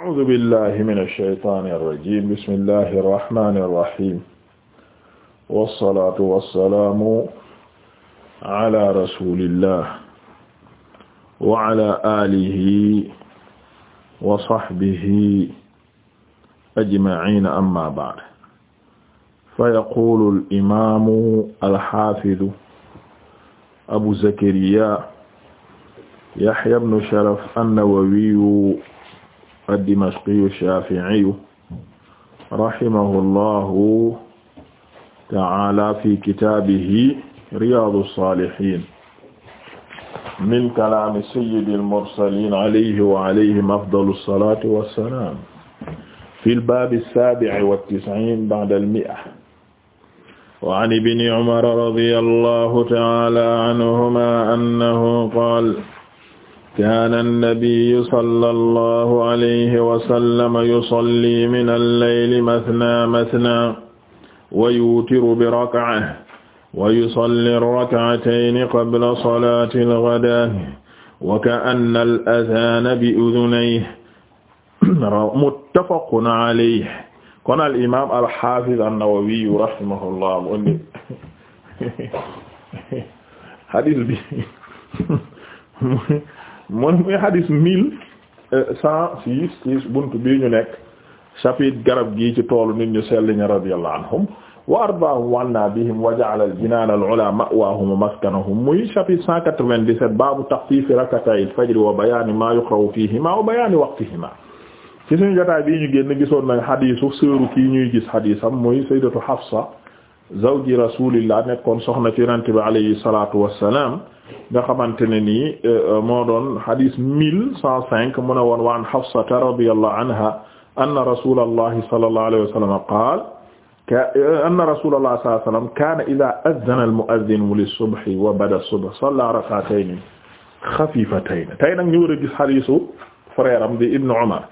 a'uuzu billahi mina shaytaani rajiim bismillahi rahmaani rahiim wassalaatu wassalaamu ala rasulillah wa ala aalihi wa sahbihi ajma'iina amma ba'd fa yaquulu al-imaamu al-haafidu abu zakariyaa yahyaa ibnu sharaf an-nawawiyu ad-Dimashqiyu ash-Shafi'iyu rahimahullahu ta'ala fi kitaabihi Riyaadu as-Saalihiin min kalaami sayyidil mursaliin alayhi wa alayhim afdalu as-salaati was-salaam fil baabi as-saabi'i wat-tis'iin ba'da al-mi'a wa an ibni Umar radiyallahu ta'ala anhumaa annahu qaala كان النبي صلى الله عليه وسلم يصلي من الليل مثنى مثنى ويوتر بركعة ويصلي الركعتين قبل صلاة الغداة وكأن الأذان بأذنيه متفق عليه kon al imaam al haafiz an-Nawawi rahimahullah mu indi hadiis bi mu ne muy hadis mille euh, cent six ci buntu bii ñu nekk chapitre garab gii ci toolu nit ñu sell ñi radiyallahu anhum wa ardaahum wa anna bihim wa ja'ala al-jinaan al-'ulaa ma'waahum wa maskanahum muy chapitre cent quatre vingt dix rakatay al-fajr wa bayaani maa yuqra'u fiihimaa wa bayaani waqtihimaa ci suñu jotaay bii ñu génn gisoon nañ xadiisu seeru kii ñuy gis xadiisam muy sayyidatu Hafsa zawji rasuulillah nekkoon soxna ci Yonent bi alayhi salaatu wa salaam nga xamante ne nii euh, euh, moo doon hadis mille cent cinq mu ne woon wa an Hafsata radiyallahu anha anna rasulallahi sallallahu alayhi wa sallam qaala euh, anna rasulallahi sallallahu alayhi wa sallam kaana idhaa adhana al-mu'adhdhinu lis-subhi wa bada as-subhu salla rak'atayni xafifatayn tey nag ñu war a gis hadisu frère am di Ibn Umar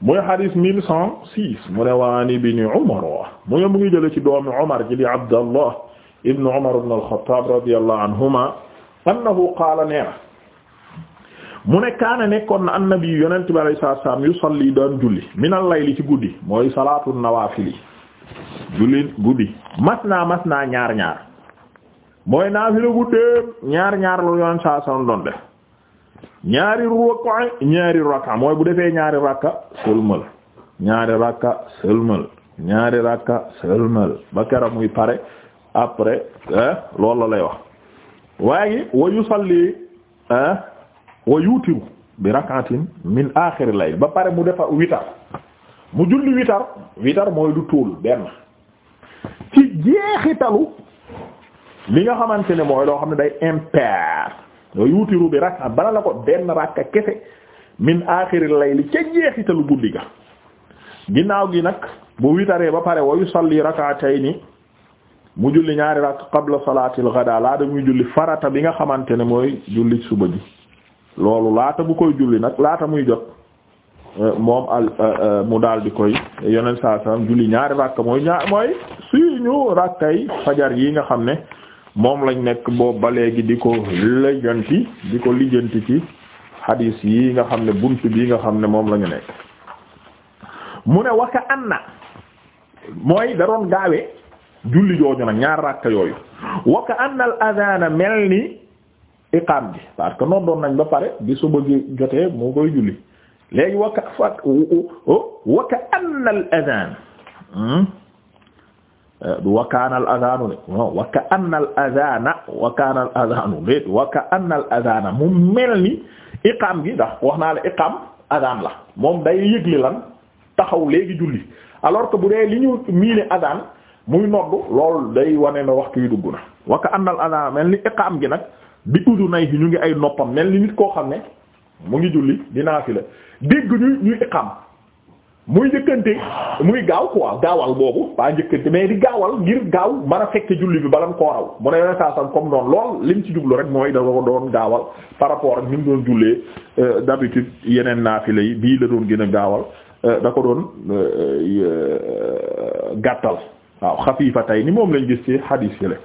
muy hadis mille cent six mu ne wa an ibni Umar mu ngi mu ngi jële ci doomi Umar ji di Abdallah ibn Umar ibn al-Khattab radiyallahu anhuma annahu qaala nee na mu ne kaana nekkoon na annabi yonent bi alayhi salaatu salaam yusalli daan julli minal ci guddi mooy salaatu nawaafili julli guddi masna masna ñaar ñaar mooy naafila guddee ñaar ñaar la yonent saa salaam doon def ñaari rak'a ñaari rak'a mooy bu defee ñaari rak'a sëlmal ñaari rak'a sëlmal ñaari rak'a sëlmal ba keroog pare après loolu la lay wax. waaye wa yusalli ah, wa yutiru bi rak'atin min aaxiri lay ba pare mu defa witar mu julli witar witar mooy du tóol benn ci jeexitalu li nga xamante ne mooy loo xam ne day impair wa yutiru bi rak'a bala la ko benn rakka kese min aaxiri layli ca jeexitalu guddi ga ginnaaw gi nag bu witaree ba pare wa yusalli rak'atayni mu julli ñaari rakk qabla salaatil ghadaa laata muy julli farata bi nga xamante ne mooy julli suba ji loolu laata bu koy julli nag laata muy jot euh, moom euh, euh, mu daldi di koy yonent saa salaam julli ñaari rakk mooy ñaar mooy suñu rakkay fajar yi nga xam ne moom lañ nekk boobu ba léegi di ko lijjanti di ko lijjanti ci hadis yi nga xam ne bunt bi nga xam ne moom lañu ñu nekk mu ne waka anna mooy da doon gaawee julli jooju nag ñaar ràkk yooyu wa al adana mel ni iqaam bi parce que noonu doon nañ ba pare bi suba gi jotee moo koy julli léegi wa ka fa wa ka anna al adana du hmm? eh, al adanu de non al adana mu mel ni iqaam gi ndax wax naa la iqaam adaan la moom day yëgle lan taxaw léegi julli alors que bu dee li ñu miine adaan muy noddu lool day wane na waxtu yu dugg na wa ka annal mel ni iqaam gi nag bi udunay yi ñu ngi ay noppam mel ni nit koo xam ne mu ngi julli di naafila dégg ñuy ñuy iqaam muy njëkkante muy gaaw quoi gaawal boobu ba njëkkante mais di gaawal ngir gaaw mën a fekke julli bi balam koo raw mu ne yoneen saasam comme noonu lool lim ci jublu rek mooy da doon gaawal par rapport ak ni mu doon jullee euh, d'habitude yeneen naafila yi bii la doon gën a gaawal euh, da ko doon euh, gàttal waaw tey ni moom lañ gis ci xadiis yi la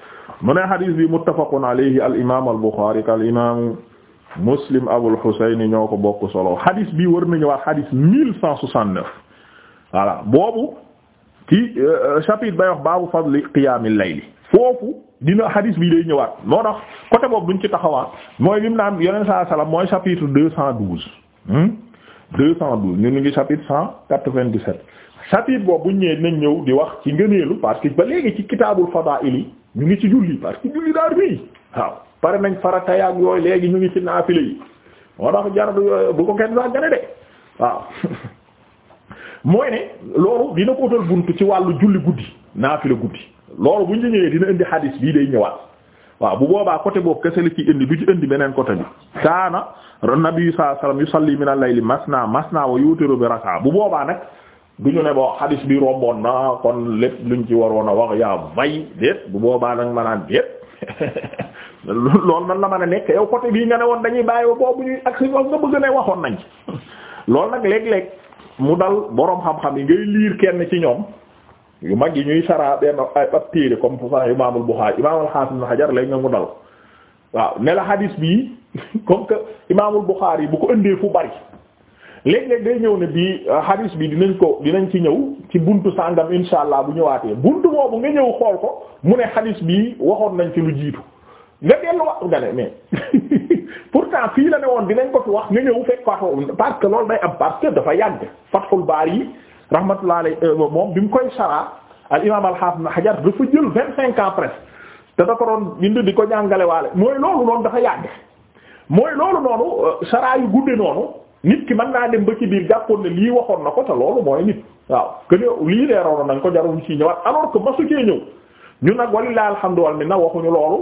mu ne xadiis bi muttafaqun alayhi al imaam al buxaari ak al imaam muslim abul xusayni ñoo ko bokk solo xadiis bi war nañu wax xadiis mille cent soixante neuf voilà boobu ci euh, chapitre bay wax baabu fadli qiyaamil layli foofu dina xadiis bi day ñëwaat moo tax côté boobu duñ ci taxawaat mooy lim naan yoneen saa salaam mooy chapitre deux cent douze hmm? deux cent ñu ngi chapitre cent quatre-vingt-dix-sept chapitre boobu buñ ñëwee dinañ ñëw di wax ci ngëneelu parce que ba léegi ci kitaabul fadaa'il yi ñu ngi ci julli parce que julli daar bii waaw pare nañ farata yaak yooyu léegi ñu ngi ci naafile yi moo tax jar bu ko kenn saa gane de waaw mooy ne loolu dina ko utal buntu ci wàllu julli guddi naafile guddi loolu buñ ci ñëwee dina indi hadis bii day ñëwaat waaw bu boobaa côté boobu kese la ci indi bi ci indi beneen côté bi kaana nabi sallallahu alayhi wasallam yusalli min al-layli masna masna wa yutiru bi rak'a bu boobaa nag du ñu ne boo xadis bi romboon na kon lépp luñ ci waroon a wax yaa bay déet bu boobaa nag ma naan déet loolu nan na mën a nekk yow côté bii nga ne woon dañuy bàyyi boobu ñuy ak si wax nga bëgg ne waxoon nañ ci loolu nag léeg-léeg mu dal boroom xam-xam yi ngay liir kenn ci ñoom yu mag yi ñuy saraa benn ab téere comme fu sax imaamul Buxaari imaamul xaasim na xajar léegi nga mu dal waaw ne la xadis bii comme que imaamul Buxaari bu ko ëndee fu bari léeg-léeg day ñëw ne bii euh, hadis bi dinañ ko dinañ ci ñëw ci bunt sàngam insha allah bu ñëwaatee buntu boobu nga ñëw xool ko mu ne hadis bii waxoon nañ ci lu jiitu nga delluwaat nga ne mais pourtant fii la ne woon dinañ ko fi wax nga ñëw fekk ko parce que loolu day am parce dafa yàgg Fathul Bari rahmatullah alayhi euh, moom bi mu koy saraa al imaam al hafiz ibn Hajar dafa jël vingt cinq ans presque te da ko doon bind di ko jàngale waale mooy loolu noonu dafa yàgg mooy loolu noonu euh, saraa yu gudde noonu. nit ki man naa dem ba ci biir jàppoon ne lii waxoon na ko te loolu mooy nit waaw que lii leeroon nañ ko jarul ci ñëwaat alors que masu cee ñëw ñu nag walilah alhamdu wal minna waxuñu loolu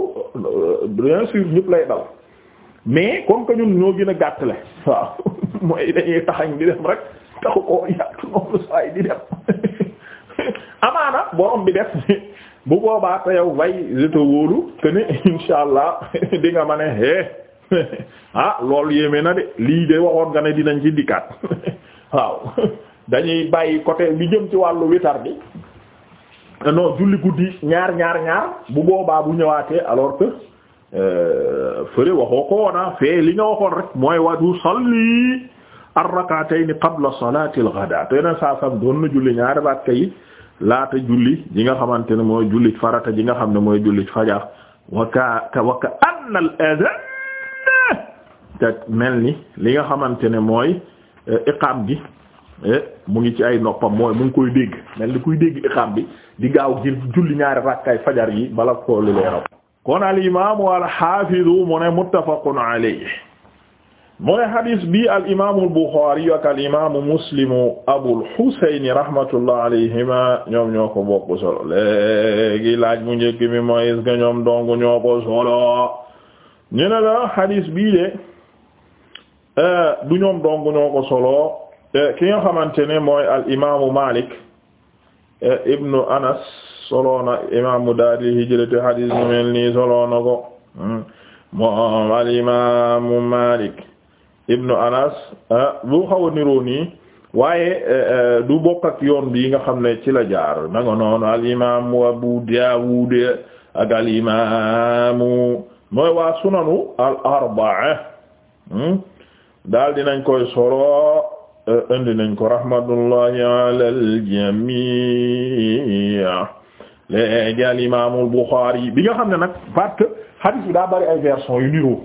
bien sûr ñëpp lay dal mais comme que ñoo gën a gàttale waaw mooy dañuy taxañ di dem rek taxu koo yàqu noonu saay di dem amaana borom bi def bu boobaa te yow way je wóolu que ne insha allah di ma ne ah loolu yéeme na de lii de waxoon nga ne dinañ ci dikkaat waaw dañuy bàyyi côté bi jëm ci wàllu witar bi eh, non julli guddi ñaar ñaar ñaar bu boobaa bu ñëwaatee alors que euh, fëre waxoo ko woona ah, fee li nga waxoon rek mooy watu salli ar-rak'atayn qabla salati al-ghada te saa sam doon na julli ñaari rakka yi laata julli ji nga xamante ne mooy jullit farata ji nga xam ne mooy jullit fajar waka waka anna al te mel ni li nga xamante ne mooy eh, iqaam gi eh, mu ngi ci ay noppam mooy mu ngi koy dégg mel ni kuy dégg iqaam bi di gaaw jël julli ñaari rakkaay fajar yi bala ko lu leeraw kon al imaamu al xaafizu mu ne muttafaqun alayhi mooy hadis bi al imaamu al buxaari ak al imaamu muslimu abul xusayni rahmatullah alayhima ñoom ñoo ko bokk solo ñoo ne la hadis bii de. du ñoom dong ñoo ko solo ki nga xamante ne mooy al imaamu Malik ibnu Anas solo na imaamu daari hijrati hadis mu mel nii solo na ko moom al imaamu Malik ibnu Anas bu xaw a waaye du bokk yoon bi nga xam ne ci la jaar na nga noonu al imaamu Abu Dawud ak al imaamu mooy waa sunanu al arbaa daal dinañ koy solo eh, indi nañ ko rahmatullahi ala al-jamii léegi al imaamul Buxaari bi nga xam ne nag parce que hadis bi daa bari ay version yu niroo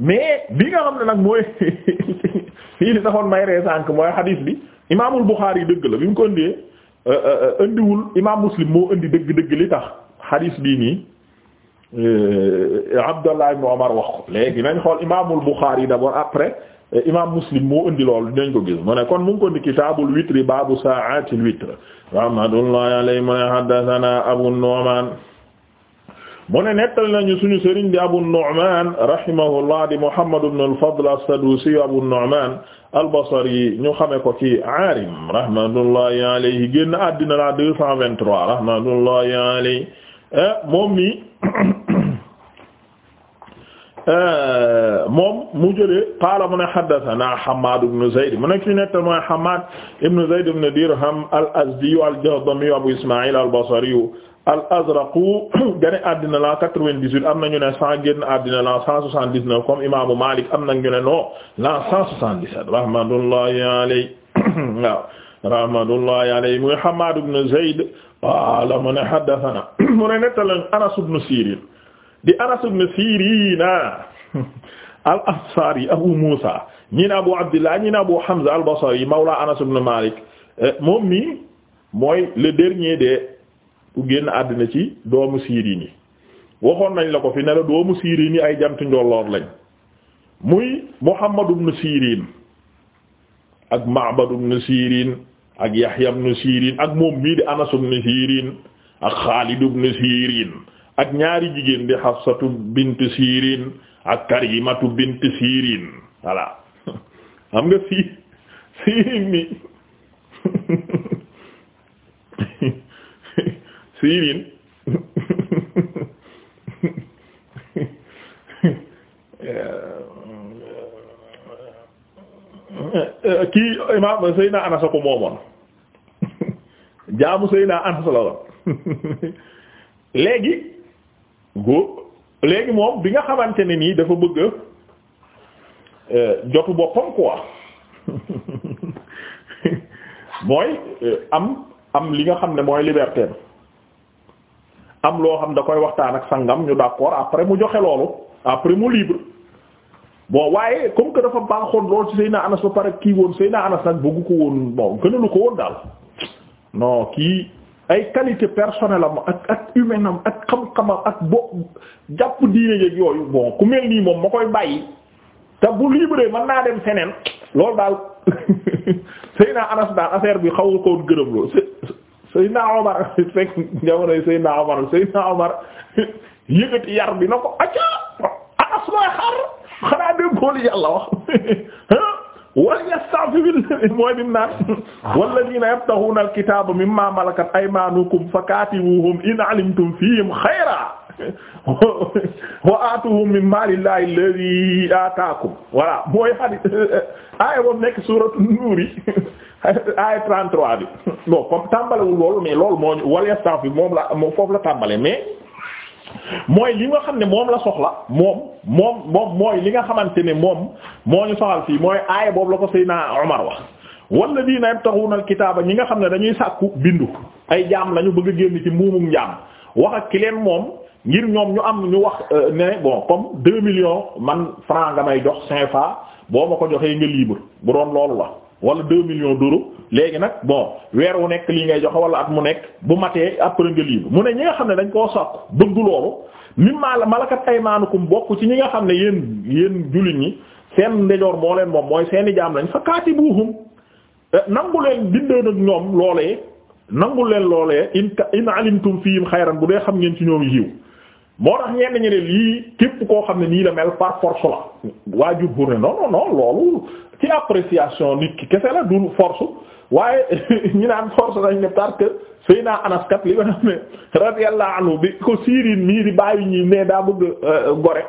mais bi nga xam ne nag mooy fii li taxoon may ree sànk mooy hadis bi imaamul Buxaari dëgg la bi mu ko indee eh, eh, indiwul imaam Muslim moo indi dëgg-dëgg li tax hadis bii nii Euh, Abdallah ibn Omar wax ko léegi nañ xool imaamul Bukhari d'abord après euh, imaam Muslim moo indi loolu dinañ ko gis mu ne kon mu ngi ko indi kitaabul witri baabu sa'aatil witr rahmatullahi alayhi mu ne haddathana Abu Nu'man mu ne nettali nañu suñu sëriñ di Abu Nu'man rahimahullah di Muhammad ibn al-Fadl as-Sadusi Abu Nu'man al-Basri ñu xame ko ci Aarim rahmatullahi alayhi génn àddina la 223 rahmatullahi alayhi eh, moom mi Euh, moom mu jëlee qaala mu ne haddathana Hammad ibn Zayd mu nekk ci nettal mooy Hammad ibn Zayd ibn Dirham al-Azdi al-Jahdami Abu Isma'il al-Basri al-Azraq gane àddina la 98 am nañu ne 100 génn àddina la 179 comme imaamu Malik am nañu ne non la 177 rahmatullahi alayhi waaw rahmatullahi alayhi muy Hammad ibn Zayd qaala mu ne haddathana mu ne nettal Anas ibn Sirin di Anas ibn Sirin al Ansari Abu Musa ñi ne Abu Abdillah ñi Abu Hamza al Basri mawla Anas ibn eh, moom mi mooy le dernier de bu génn àddina ci doomu Sirin yi waxoon nañ la ko fi ne doomu Sirin ay jant njolloor lañ muy Muhammad ibn ak Ma'bad ibn ak Yahya ibn Sirin ak moom mii di Anas ibn ak Khalid ibn ak ñaari jigéen di Hafsatu bint Sirin ak Karimatu bint Sirin voilà xam nga si Sirin mi Sirin kii imaam Seydina Anas ko moomoon jaamu Seydina Anas la woon léegi góor léegi moom bi nga xamante ne nii dafa bëgg euh, jotu boppam quoi mooy euh, am am li nga xam ne mooy liberté am loo xam da koy waxtaan ak sangam ñu d'accord après mu joxe loolu après mu libre bon waaye comme que dafa baaxoon lool ci Seyna Anas ba pare kii woon Seyna Anas nag bëggu ko woon bon gënalu ko woon daal non kii ay qualité personnelle am ak ak humaine am ak xam-xamam ak bo jàpp diine yeeg yooyu bon ku mel nii moom ma koy bàyyi te bu libre mën naa dem feneen loolu daal Seydina Anas daal affaire bi xaw ko woon gërëm lool Seydina Omar fekk jamonoy Seydina Omar Seydina Omar yëkkati yar bi na ko acca Anas looy xaar xanaa déggoolu yàlla wax wal yasta'fifil mooy bi mu naan walladiina yabtaghuuna alkitaaba mimmaa malakat aymaanukum fakaatibuuhum in alimtum fiihim xayran wa aatuhum min maalillaahi alladii aataakum voilà mooy hadith aaya boobu nekk suuratu nuur yi aaya 33 bi bon comme tàmbalewul loolu mais loolu moo ñu wal yasta'fif moom la moom foofu la tàmbale mais. mooy li nga xam ne moom la soxla moom moom moom mooy li nga xamante ne moom moo ñu soxal fii mooy aaya boobu la ko Seydina Omar wax walladiina yabtaxuuna alkitaaba ñi nga xam ne dañuy sàkku bindu ay jaam lañu bëgg a génn ci muumum njaam wax ak ki leen moom ngir ñoom ñu am ñu wax euh, ne bon comme deux millions man franc nga may jox CFA boo ma ko joxee nga libre bu doon loolu la wala deux millions d'euros léegi nag bon weer wu nekk lii ngay joxe wala at mu nekk bu matee après nga libre mu ne ñi nga xam ne dañ koo sàkku bëgg loolu mimma malakat aymaanukum bokk ci ñi nga xam ne yéen yéen jullit ñi seen ndejoor moo leen moom mooy seeni jaam lañ fa kaatibuhum eh, nangu leen bindee nag ñoom loolee nangu leen loolee in in alimtum fihim xayran bu dee xam ngeen ci ñoom yiw moo tax ñenn ñi lii képp koo xam ne nii la mel par force la waa jubbu ne non non loolu ci appréciation nit ki kese la du force waaye ñi naan force dañ ne parce que Seydina Anas kat li nga xam ne radiyallahu anhu bi ko Siiriin mii di ne daa bëgg euh, gore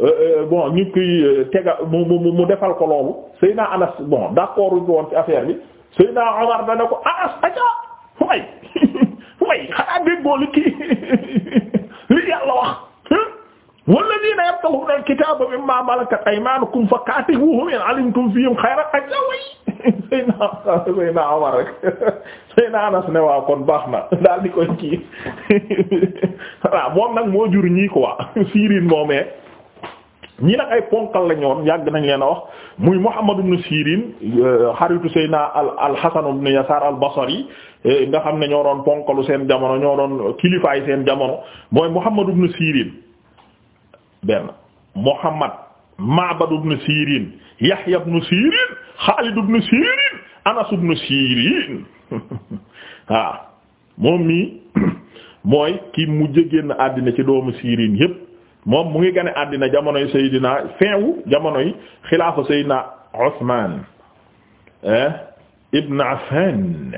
euh, euh, bon ñu koy tega mu mu mu defal ko loolu Seydina Anas bon d'accord uñ ko woon ci affaire bi naa Omar dana ko Anas aca way way xanaa déggoo li kii walladina yabtaghuna alkitaba mimma malakat aymanukum fakatibuhum in alimtum fihim khayran ajaway sayna Omar rek sayna Anas ne waaw kon baax na daal di koy kii waaw moom nag moo jur ñii quoi Sirin moomee ñi nag ay ponkal la ñoon yàgg nañ leen a wax muy Muhammad ibn Sirin euh, xaritu sayna al al Hasan ibn Yasar al Basri e, nga xam ne ñoo doon ponkalu seen jamono ñoo doon kilifaay seen jamono mooy Muhammad ibn Sirin benn Muhammad Ma'bad ibn Sirin Yahya ibn Sirin Khalid ibn Sirin Anas ibn Sirin waaw moom mii mooy ki mujj génn àddina ci doomu Sirin yépp moom mu ngi gane àddina jamonoy Seydina fin wu jamonoy xilaafa Seydina Usmaan eh, ibn Affan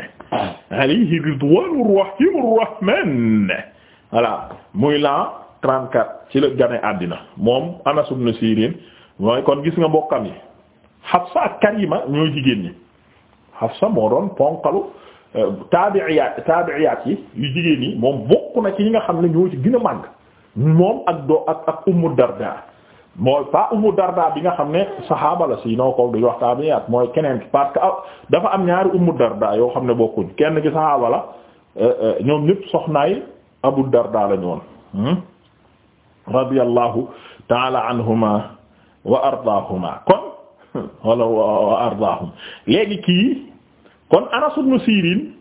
alayhi ridwaanu rahiimu rahmaan voilà muy la 34 ci la gane àddina moom Anas ibn Sirin mooy kon gis nga mbokkam yi Hafsa ak Karima ñooy jigéen ñi Hafsa moo doon ponkalu euh, taabi'iyaat taabi'iyaat yi yu jigéen yi moom bokk na ci ñi nga xam ne ñoo ci gën a màgg moom ak doo ak ak Ummu Darda mooy pas Ummu Darda bi nga xam ne saxaaba la si noo ko duñ wax taabi'iyaat mooy keneen ki parce que ah, dafa am ñaari Ummu Darda yoo xam ne bokkuñ kenn gi saxaaba la euh, euh, ñoom ñëpp soxnaay Abu Darda lañu woon hmm? radiyallahu taala anhuma wa ardaahuma kon wala wa ardaahum léegi kii kon Anas ibn Sirin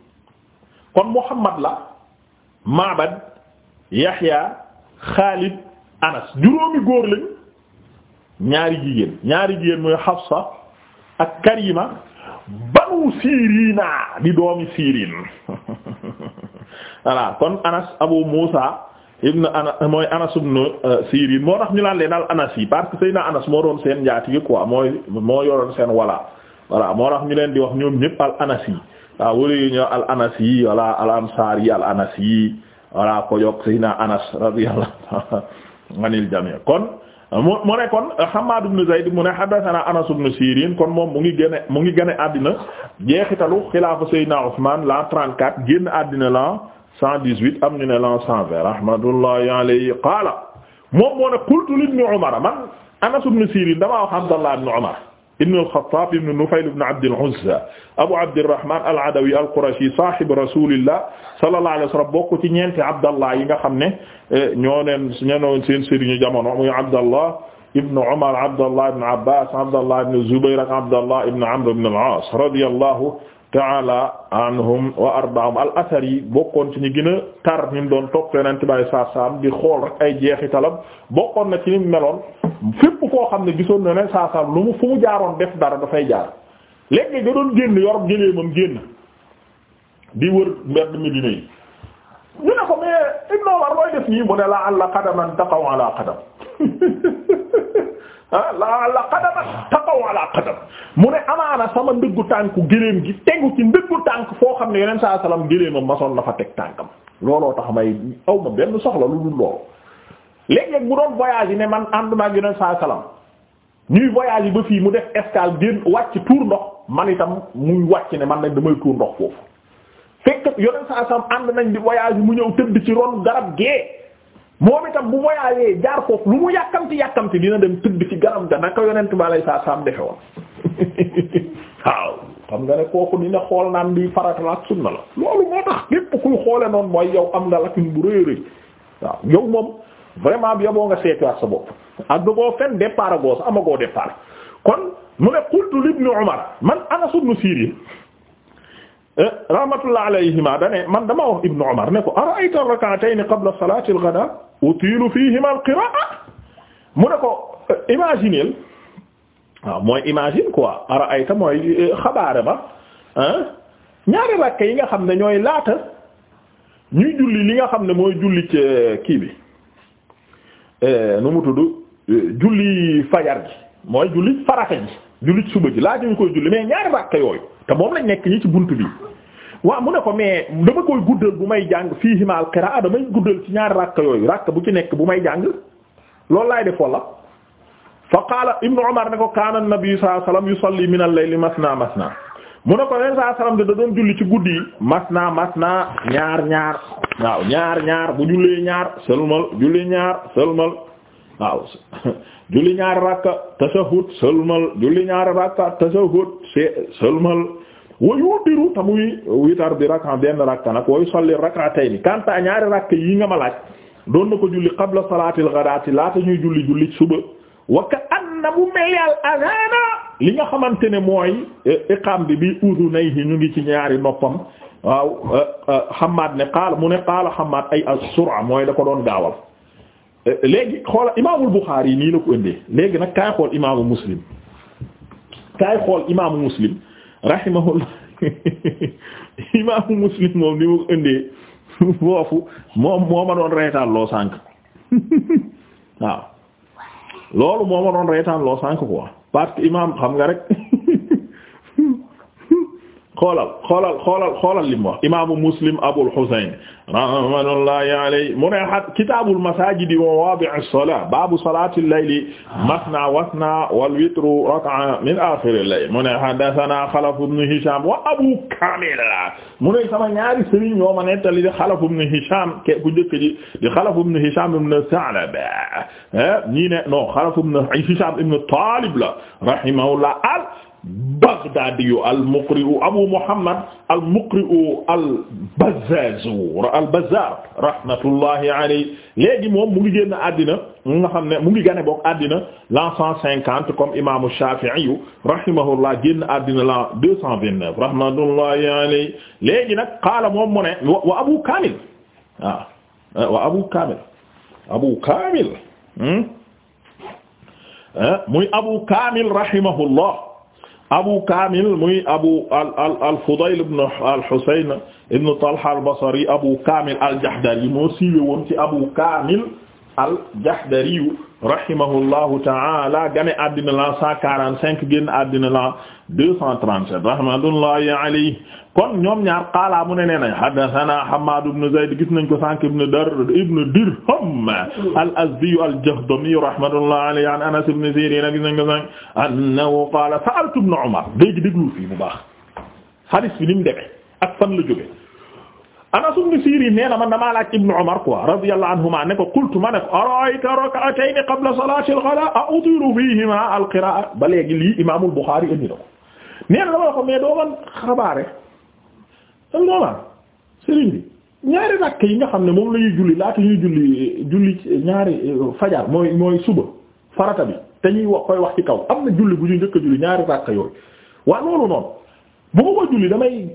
kon Muhammad la Ma'bad Yahya Khalid Anas juróomi góor lañ ñaari jigéen ñaari jigéen mooy Hafsa ak Karima banu Sirina di doomi Sirin voilà kon Anas Abu Musa ibn Anas mooy Anas ibn euh, Sirin moo tax ñu naan leen al Anas yi parce que Seydina Anas moo doon seen njaatige quoi mooy moo yoroon seen wala voilà moo tax ñu leen di wax ñoom ñëpp al Anas yi waaw wala yu ñëw al Anas yi voilà al Ansaar yi al Anas yi voilà ko yokk Seydina Anas radiyallahu anil jami kon mu mu ne kon Hammad ibn Zayd mu ne haddathana Anas ibn Sirin kon moom mu ngi génne mu ngi génne àddina jeexitalu xilaafa Seydina Usman la 34 génn àddina la 118 am ñu ne lan 120 rahmatullahi alayhi qaala moom moo ne qultu li ibni Umar man Anas ibn Sirin damaa wax Abdallah ibn Umar ibn al-Khattab ibn Nufayl ibn Abd al-Uzza Abu Abdirrahman al-Adawi al-Qurashi sahib rasulillah sallallahu alayhi wa sallam bokk ci ñeenti Abdallah yi nga xam ne eh, ñoo neen ñenoo seen sëriñu jamono muy Abdallah ibn Umar Abdallah ibn Abbas Abdallah ibn Zubayr ak Abdallah ibn Amr ibn al-As radiyallahu taala anhum wa ardaahum al asar yi bokkoon ci ñu gën a tar ñu doon topp yonent bi saa saam di xool rek ay jeexitalam bokkoon na ci ni meloon fépp koo xam ne gisoon na ne saa saam lu mu fu mu jaaroon def dara dafay jaar léegi da doon génn yor géléemam génn di wër mbedd Medina yi ñu ne ko mais Ibn Umar looy def nii mu ne la alla qadaman taqaw ala qadam ah la qadama taqaw ala qadam mu ne amaana sama ndëggu tànk gëléem gi tegu ci ndëggu tànk foo xam ne yeneen saa salaam gëléemam masoon na fa teg tànkam looloo tax may aw ma benn soxla lu dul loolu léeg-léeg bu doon voyage yi ne man ànd naa yeneen saa salaam ñuy voyage yi ba fii mu def escale génn wàcc tuur ndox man itam muy wàcc ne man nag damay tuur ndox foofu fekk yeneen saa salaam ànd nañ di voyage mu ñëw tëdd ci ron garab gee. moom itam bu voyagé jaar foofu lu mu yàkkamti yàkkamti dina dem tëdd ci garab ga naka yonent bi alayhi salaam defe woon waaw xam nga ne kooku dina xool naan di farata ak sunna la loolu moo tax képp kuy xoole noonu mooy yow am nga lakin bu rëy rëy waaw yow moom vraiment bi yoboo nga seetuwaat sa bopp ak goo fen départ goo sa amagoo départ kon mu ne qultu libni Umar man Anas ibn Sirin Eh, rahmatullah alayhima dane man dama wax ibnu umar ne ko ara'ayta rak'atayn qabla salati al-ghada utilu fihima al-qira'a mu ne ko eh, imagineel waaw mooy imagine quoi ara'ayta mooy eh, xabaare ma ah, ñaari rakka yi nga xam ne ñooy laata ñuy julli li nga xam ne mooy julli ci kii bi nu mu tudd julli fajar gi mooy julli farata ji julli ci suba ji laaj ñu koy julli mais ñaari rakka yooyu te moom lañ nekk ñi ci bunt bi waaw mu ne ko mais dama koy guddal bu may jàng fii himal qiraa ah damay guddal ci ñaari rakka yooyu rakka bu ci nekk bu may jàng loolu laay def wala fa qaala ibnu umar ne ko kaana nabi sallallahu alayhi wasallam yusalli min al naa masna masna mu ne ko leen saa salam de da doon julli ci guddi yi mas naa mas naa ñaar ñaar waaw ñaar ñaar bu jullee ñaar sëlmal julli waaw julli ñaari rakka tashahhud sëlmal julli ñaari rakka tashahhud sëlmal wa yutiru ta muy witar rakka benn rakka nag wa yusalli rak'atayn kanta ñaari rakka yi nga ma laaj doon na ko julli qabla salaatil ghadaati laata ñuy julli julli suba wa ka anna bu li nga xamante ne mooy e, iqam bi bi udunayhi ñu ngi ci ñaari noppam waaw e, e, Hammad ne qaala mu ne qaala Hammad ay as-sur'a mooy da ko doon gaawal léegi xoola imaamul Buxaari yi nii la ko ëndee léegi nag kaay xool imaamu Muslim kaay xool imaamu Muslim rahimahullah imaamu Muslim moom ni ma ko ëndee foofu moom moo ma doon reetaan loo sànk waaw loolu moo ma doon reetaan loo sànk quoi parce imaam xam nga rek xoolal xoolal xoolal xoolal li mu wax imaamu muslim abul husayn rahmatullahi alayhi mu ne xat kitaabul masaajidi wa waabi'is salaat baabu salaatil layli masna wasna wal witru rak'a min aaxiril layl mu ne haddasanaa xalaf ibn hicham wa abu kaamil mu ne sama ñaari sëriñ ñoo ma nettali di xalaf ibn hicham ke ku njëkk ji di xalaf ibn hicham ibn sa'laba eh, ñii ne non xalaf ibn hicham ibn taalib la rahimahullah Baghdadiyu al-muqri'u Abu Muhammad al-muqri'u al-Bazzazur al-Bazzar rahmatullahi alayhi léegi moom mu ngi génn àddina mu nga xam ne mu ngi gane bokk àddina l'an cent cinquante comme imaamu Shafi'i rahimahullah génn àddina l'an deux cent vingt-neuf rahmatullahi alayhi léegi nag qaala moom mu ne wa Abu Kamil waaw wa Abu Kamil ah, Abu Kamil hmm? eh, muy Abu Kamil rahimahullah Abu Kamil muy Abu al al al Fudayl ibn al Husayn ibn Talha al Basri Abu Kamil al Jahdari moo siiwe woon ci Abu Kamil al Jahdari rahimahullahu ta'ala gane addina la 145 génn addina la 237 rahmatullahi alayhi kon ñoom ñaar qaala mu ne nee nañ haddathana Hammad ibn Zayd gis nañ ko sànq ibn Dar ibn Dirham al-Azdi al-Jahdami rahmatullahi alayhi an Anas ibn Sirin gis nañ ko sànq annahu qaala sa'altu ibn Umar dégg déglu fii bu baax hadith bi ni mu demee ak fan la jógee Anas ibn Sirin nee na man damaa laaj Ibn Umar quoi radiyallahu anhuma ne ko qultu ma ne ko qabla salati al a utiru fihima al-qira'a léegi lii Imam al-Bukhari indi na ko nee na dama ko mais dooman Serigne bi ñaari yi nga xam ne moom la ñuy julli laata ñuy julli julli ñaari euh, fajar mooy mooy suba farata bi te ñuy wax koy wax ci kaw am julli bu ñu njëkk a julli ñaari rakk yooyu waaw loolu noonu bu ma julli damay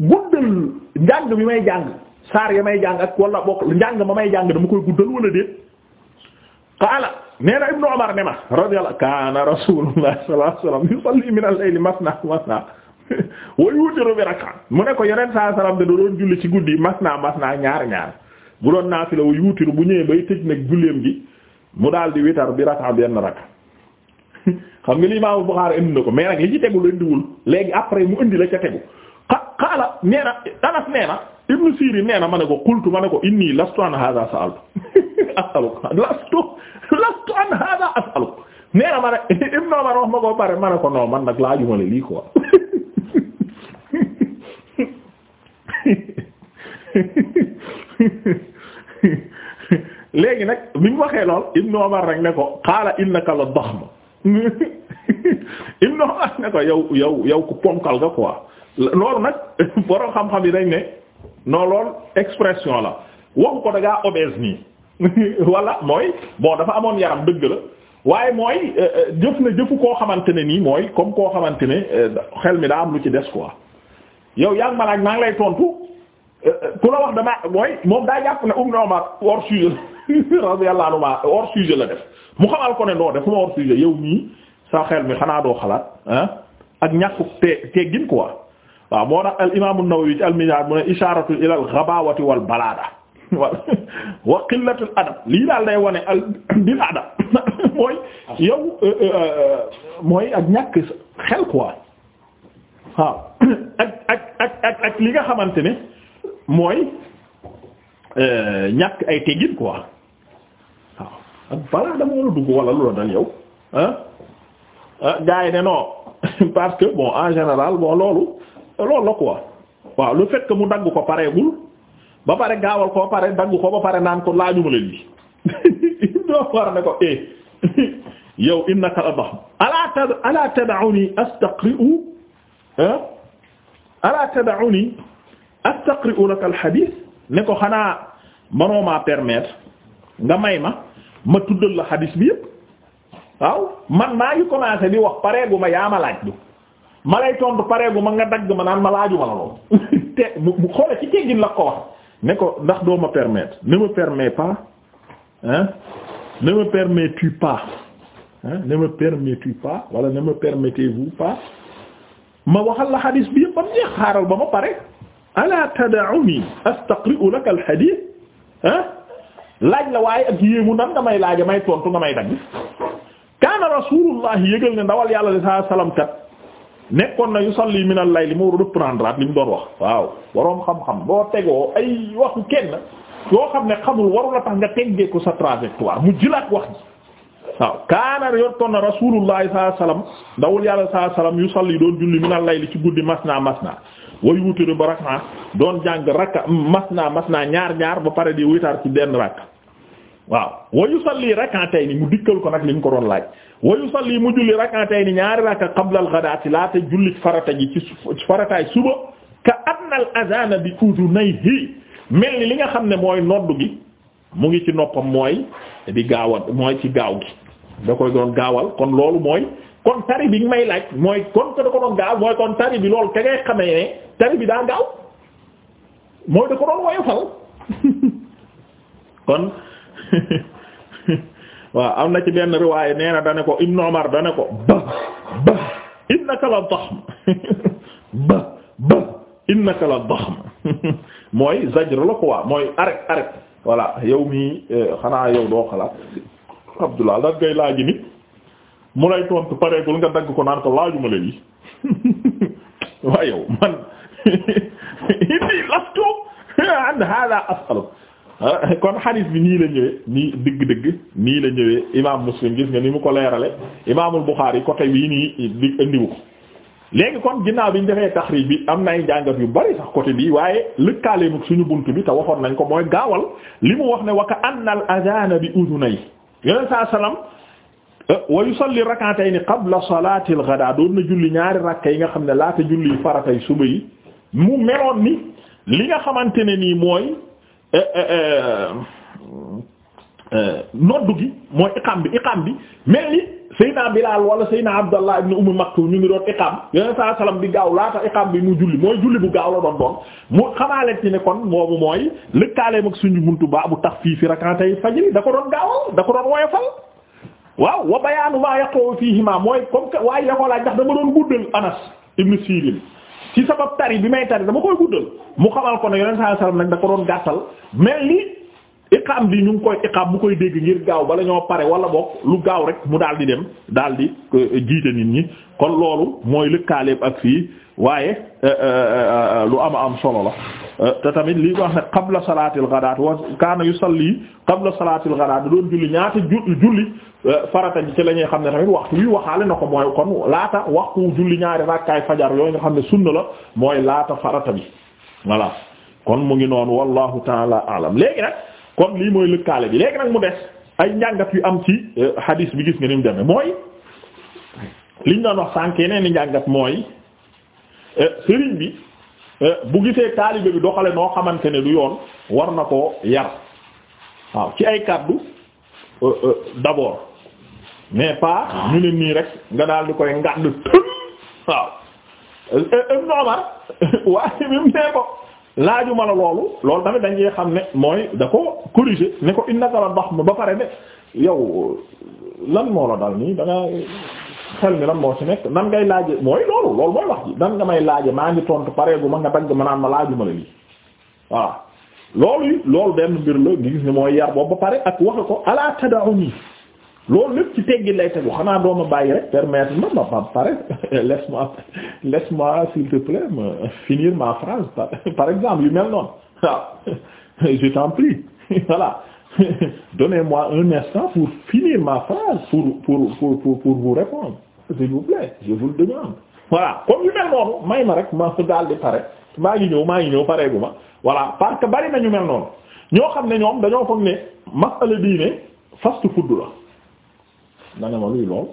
guddal njàng mi may jàng saar ya may jàng ak wala bokk njàng ma may jàng dama koy guddal wala déet qaala nee na ibnu umar ne ma radiyallahu kaana rasulullah sallallahu alayhi wasallam yusalli min al-layli masna masna wa bi rak'a mu ne ko yeneen saa salaam da doon julli ci guddi masna masna ñaar bu doon naafila bu ñëwee bay tëj nag julleem gi mu daal di witar bi rak'a benn rak'a xam nga li Imaamu Buxaari indi ko mais nag li ci tegul indiwul léegi après mu indi la ca tegu qaala nee na Anas nee Ibnu Sirin nee na ma ne ko qultu ma ne ko inni lastu an hadha sa'altu as'aluk lastu lastu an hadha as'aluk nee na Ibnu Umar wax ma ko bare ma ne ko non man nag laajuma lii quoi léegi nag bi waxee lool Ibnu Umar rek ne ko qaala innaka la daxm Ibnu Umar ne ko yow yow yow ku ponkal nga quoi. loolu nag borom xam-xam yi dañ ne non loolu expression la waxu ko da ngaa nii wala mooy bon dafa amoon yaram dëgg la waaye mooy euh, euh, jëf na jëfu koo xamante ne nii mooy comme koo xamante ne euh, xel mi daa am lu ci des quoi yow yaa ngi ma laaj maa ngi lay tontu ku la wax damaa mooy moom daa jàpp ne Ibn Umar hors sujet hors sujet la def mu xamal ko ne non defuma hors sujet yow nii sa xel mi xanaa doo xalaat ak ñàkk te teggin quoi. waaw moo tax al imaamu Nawawi ci al-Minhaj mu ne isharatu ila al-ghabawati wal balada wa qillatul lii daal day wane al bil mooy yow euh, euh, euh, mooy ak ñàkk xel quoi waaw ak ak ak ak li nga xamante ni mooy ñàkk ay teggin quoi waaw ak balaa dama war a dugg wala lu la dal yow ah ne non parce que bon en général bon loolu. loolu la quoi waaw lu fekk mu dagg ko pareegul ba pare gaawal ko pare dagg ko ba pare naan ko laajuma leen bi doo war ne ko eh yow innaka la dahm ala tad ala tad'uni astaqri'u ah ala tad'uni astaqri'u laka al hadith ne ko xanaa mënoo maa permettre nga may ma ma tuddal la hadith bi yëpp waaw man maa ngi commencé di wax pareegu ma yaa ma laaj du ma lay tontu pareegu ma nga dagg ma naan ma laaju ma la loolu te mu xoole ci teggin la ko wax ne ko ndax doo ma permettre ne ma permets pas hein ne me permets-tu pas hein ne me permets-tu pas wala ne me permettez-vous pas ma waxal la xadis bi yëpp ba mu xaaral ba ma pare ala tada'uni astaqri'u laka al hadith hein laaj la waaye ak yéemu nan nga may laaja may tontu nga may dagg kaana rasulullah yëgal ne ndawal yàlla sallallahu alayhi wasallam nekkoon na yusalli min al li mu reprendre at li mu doon wax waaw waroom xam-xam boo tegoo ay waxu kenn yoo xam ne xamul waru la tax nga teggee ko sa trajectoire mu jilaat wax ji waaw kaana yottoon na rasulullahi sallallahu alayhi wasallam ndawul yàlla sallallahu alayhi wasallam yi doon julli min al-layl ci guddi masna masna wa yutiru ba rak'a doon jàng mas naa mas naa ñaar ñaar ba pare di witar ci benn rak'a waaw wa yusalli rak'atayn mu dikkal ko nag li mu ko doon laaj wa yusalli mu julli rak'atayn ñaari rakka qabla al-ghadaati laata julli farata ji ci farataay suba ka anna al-adhaana bi udunayhi mel ni li nga xam ne mooy noddu gi mu ngi ci noppam mooy bi gaawal mooy ci gaaw gi da koy doon gaawal kon loolu mooy kon tari bi may laaj mooy kon ko gaaw mooy kon bi loolu ka ngay xamee ne tari bi daa gaaw mooy da ko doon woyofal kon waaw am na ci benn riwaaye nee na dane ko Ibn Umar dane ko ba ba innaka la daxm ba ba innaka la daxm mooy zajr la quoi mooy arrêt arrêt voilà yow mii eh, xanaa yow doo xalaat Abdullah da ngay laaj nit mu lay tontu pareegul nga dagg ko naan ko laajuma la lii waa yow man inni lastu an hada as'alu Ah, kon hadith bi nii la ñëwee nii dëgg-dëgg nii la ñëwee imaam muslim gis nga ni mu ko leerale imaamul buxaari côté bii nii di indiwu ko léegi kon ginnaaw bi ñu defee taxrij bi am na ay njàngat yu bari sax côté bii waaye lëkkaale suñu bunt bi te waxoon nañ ko mooy gaawal li mu wax ne wa ka anna al adana bi udunay yeneen saa salaam eh, wa yusalli rak'atayn qabla salati al ghada doon na julli ñaari rakka yi nga xam ne laata julli faratay suba yi m meloon ni li nga xamante ne nii mooy. Euh, euh, euh, noddu gi mooy iqam bi iqam bi mel ni Seydina Bilaal wala Seydina Abdallah ibn Umm Maktum ñu ngi doon iqam yeneen saa salaam di gaaw laata iqam bi mu julli mooy julli bu gaaw la doon doon mu xamaale ci ne kon moomu mooy lëkkaaleem ak suñu buntu ba bu taxfiifi rak'atay fajri da ko doon gaawal da ko doon woyofal. waaw wa bayaanu maa yaqulu fiihimaa mooy comme que waaye yaa ko laaj dama doon guddal Anas ibn Sirin ci sabab tari bi may tari dama koy guddal mu xamal ko ne yonent sallallahu alayhi wasallam nag da ko doon gàttal mais ni iqaam bi ñu ngi koy iqaam bu koy dégg ngir gaaw bala ñoo pare wala bokk lu gaaw rek mu daal di dem daal di euh, euh, jiite nit ñi kon loolu mooy lëkkaaleeb ak fii waaye euh, lu ama am solo la te tamit li wax ne qabla salaatil ghadaat wa kaana yu yusalli qabla salaatil ghadaat da doon julli ñaata julli farata bi ci la ñuy xam ne tamit waxtu wi waxaale na ko mooy kon laata waxtu julli ñaari rakkaay fajar yooyu nga xam ne sunna la mooy laata farata bi voilà kon mu ngi noonu wallahu taala alam léegi nag kon lii mooy lëkkaale bi léegi nag mu des ay njàngat yu am ci euh, hadis bi gis nga ni mu demee mooy liñ doon wax sànk yeneen ni njàngat mooy euh, sëriñ bi euh, bu gisee taalibe bi doxale noo xamante ne du yoon war na koo yar waaw ci ay kàddu d'abord mais pas ñu ne nii rek nga daal di koy ngàdd tën waaw eh, Ibn Umar waaye bi mu nee ko laaju la loolu loolu tamit dañuy xam ne mooy da ko corriger ne ko innaka la dahm ba pare ne yow lan moo la dal nii da nga xel mi lan moo ci nekk nan ngay laaje mooy loolu loolu mooy wax ji nan nga may laaje maa ngi tontu pareegu ma nga dagg ma naan ma laaju ma la lii voilà loolu it loolu benn mbir la ngi gis ne mooy yar boobu ba pare ak waxe ko ala tada'uni loolu lépp ci teggi lay tegu xanaa doo ma bàyyi rek permettre ma ma ma pare laisse-moi laisse-moi s'il te plaît me finir ma phrase par exemple yu mel noonu waaw ah, je t'en prie voilà donnez-moi un instant pour finir ma phrase pour pour pour pour pour vous répondre s'il vous plaît je vous le demande voilà comme yu mel noonu may ma rek ma daal di pare maa ngi ñëw maa ngi ñëw pare bu ma voilà parce que bari na ñu mel noonu ñoo xam ne ñoom dañoo foog ne masala bii ne fast food la. na ne ma luy lool